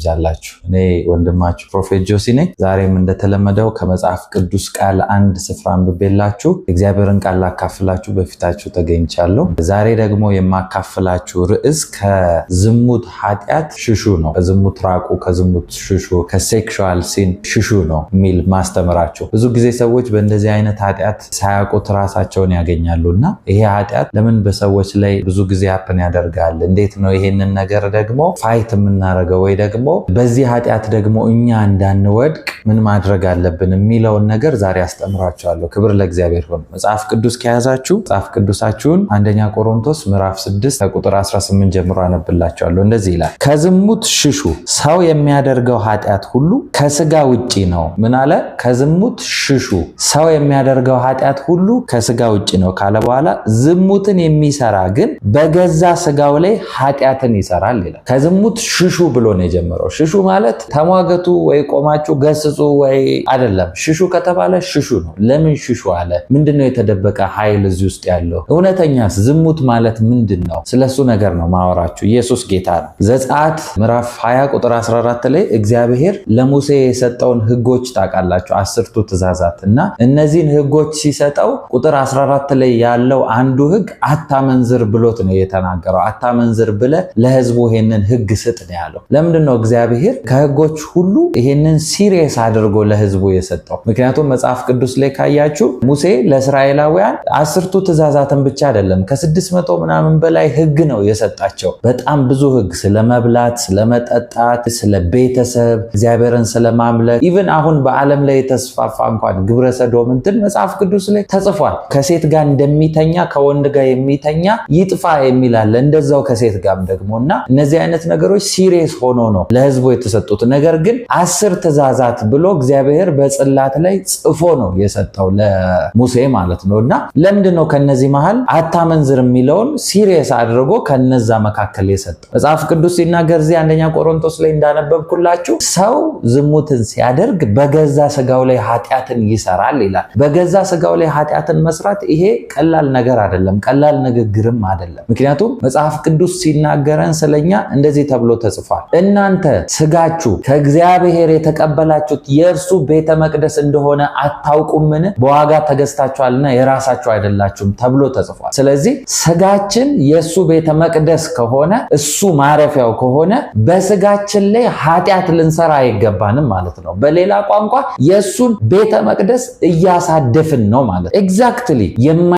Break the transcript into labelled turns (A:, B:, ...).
A: ይብዛላችሁ። እኔ ወንድማችሁ ፕሮፌት ጆሲ ነኝ። ዛሬም እንደተለመደው ከመጽሐፍ ቅዱስ ቃል አንድ ስፍራ አንብቤላችሁ እግዚአብሔርን ቃል ላካፍላችሁ በፊታችሁ ተገኝቻለሁ። ዛሬ ደግሞ የማካፍላችሁ ርዕስ ከዝሙት ኃጢአት ሽሹ ነው። ከዝሙት ራቁ፣ ከዝሙት ሽሹ፣ ከሴክሹዋል ሲን ሽሹ ነው የሚል ማስተምራቸው። ብዙ ጊዜ ሰዎች በእንደዚህ አይነት ኃጢአት ሳያውቁት ራሳቸውን ያገኛሉ እና ይሄ ኃጢአት ለምን በሰዎች ላይ ብዙ ጊዜ ሀፕን ያደርጋል? እንዴት ነው ይሄንን ነገር ደግሞ ፋይት የምናደርገው ወይ ደግሞ ደግሞ በዚህ ኃጢአት ደግሞ እኛ እንዳንወድቅ ምን ማድረግ አለብን የሚለውን ነገር ዛሬ አስተምራችኋለሁ። ክብር ለእግዚአብሔር ሆነ። መጽሐፍ ቅዱስ ከያዛችሁ መጽሐፍ ቅዱሳችሁን አንደኛ ቆሮንቶስ ምዕራፍ 6 ከቁጥር 18 ጀምሮ አነብላቸዋለሁ። እንደዚህ ይላል፣ ከዝሙት ሽሹ። ሰው የሚያደርገው ኃጢአት ሁሉ ከስጋ ውጪ ነው። ምን አለ? ከዝሙት ሽሹ። ሰው የሚያደርገው ኃጢአት ሁሉ ከስጋ ውጪ ነው ካለ በኋላ ዝሙትን የሚሰራ ግን በገዛ ስጋው ላይ ኃጢአትን ይሰራል ይላል። ከዝሙት ሽሹ ብሎ ነው የጀመረው። ሽሹ ማለት ተሟገቱ ወይ ቆማችሁ ገስ ገስጹ ወይ አይደለም። ሽሹ ከተባለ ሽሹ ነው። ለምን ሽሹ አለ? ምንድነው የተደበቀ ኃይል እዚህ ውስጥ ያለው? እውነተኛ ዝሙት ማለት ምንድን ነው? ስለሱ ነገር ነው ማወራችሁ። ኢየሱስ ጌታ ነው። ዘጸአት ምዕራፍ 20 ቁጥር 14 ላይ እግዚአብሔር ለሙሴ የሰጠውን ህጎች ታውቃላችሁ፣ አስርቱ ትእዛዛት እና እነዚህን ህጎች ሲሰጠው ቁጥር 14 ላይ ያለው አንዱ ህግ አታመንዝር ብሎት ነው የተናገረው። አታመንዝር ብለ ለህዝቡ ይሄንን ህግ ስጥ ነው ያለው። ለምንድን ነው እግዚአብሔር ከህጎች ሁሉ ይሄንን ሲሪየስ አድርጎ ለህዝቡ የሰጠው። ምክንያቱም መጽሐፍ ቅዱስ ላይ ካያችሁ ሙሴ ለእስራኤላውያን አስርቱ ትእዛዛትን ብቻ አይደለም ከስድስት መቶ ምናምን በላይ ህግ ነው የሰጣቸው። በጣም ብዙ ህግ ስለ መብላት፣ ስለ መጠጣት፣ ስለ ቤተሰብ፣ እግዚአብሔርን ስለ ማምለክ ኢቨን አሁን በዓለም ላይ የተስፋፋ እንኳን ግብረ ሰዶም እንትን መጽሐፍ ቅዱስ ላይ ተጽፏል። ከሴት ጋር እንደሚተኛ ከወንድ ጋር የሚተኛ ይጥፋ የሚላለ እንደዛው ከሴት ጋርም ደግሞ እና እነዚህ አይነት ነገሮች ሲሪየስ ሆኖ ነው ለህዝቡ የተሰጡት። ነገር ግን አስር ትእዛዛት ብሎ እግዚአብሔር በጽላት ላይ ጽፎ ነው የሰጠው ለሙሴ ማለት ነው። እና ለምንድን ነው ከነዚህ መሀል አታመንዝር የሚለውን ሲሪየስ አድርጎ ከነዛ መካከል የሰጠው? መጽሐፍ ቅዱስ ሲናገር እዚህ አንደኛ ቆሮንቶስ ላይ እንዳነበብኩላችሁ ሰው ዝሙትን ሲያደርግ በገዛ ስጋው ላይ ኃጢአትን ይሰራል ይላል። በገዛ ስጋው ላይ ኃጢአትን መስራት ይሄ ቀላል ነገር አይደለም፣ ቀላል ንግግርም አይደለም። ምክንያቱም መጽሐፍ ቅዱስ ሲናገረን ስለኛ እንደዚህ ተብሎ ተጽፏል፣ እናንተ ስጋችሁ ከእግዚአብሔር የተቀበላችሁ የያዙት የእርሱ ቤተ መቅደስ እንደሆነ አታውቁምን? በዋጋ ተገዝታችኋልና የራሳችሁ አይደላችሁም ተብሎ ተጽፏል። ስለዚህ ስጋችን የእሱ ቤተ መቅደስ ከሆነ እሱ ማረፊያው ከሆነ በስጋችን ላይ ኃጢአት ልንሰራ አይገባንም ማለት ነው። በሌላ ቋንቋ የእሱን ቤተ መቅደስ እያሳደፍን ነው ማለት ኤግዛክትሊ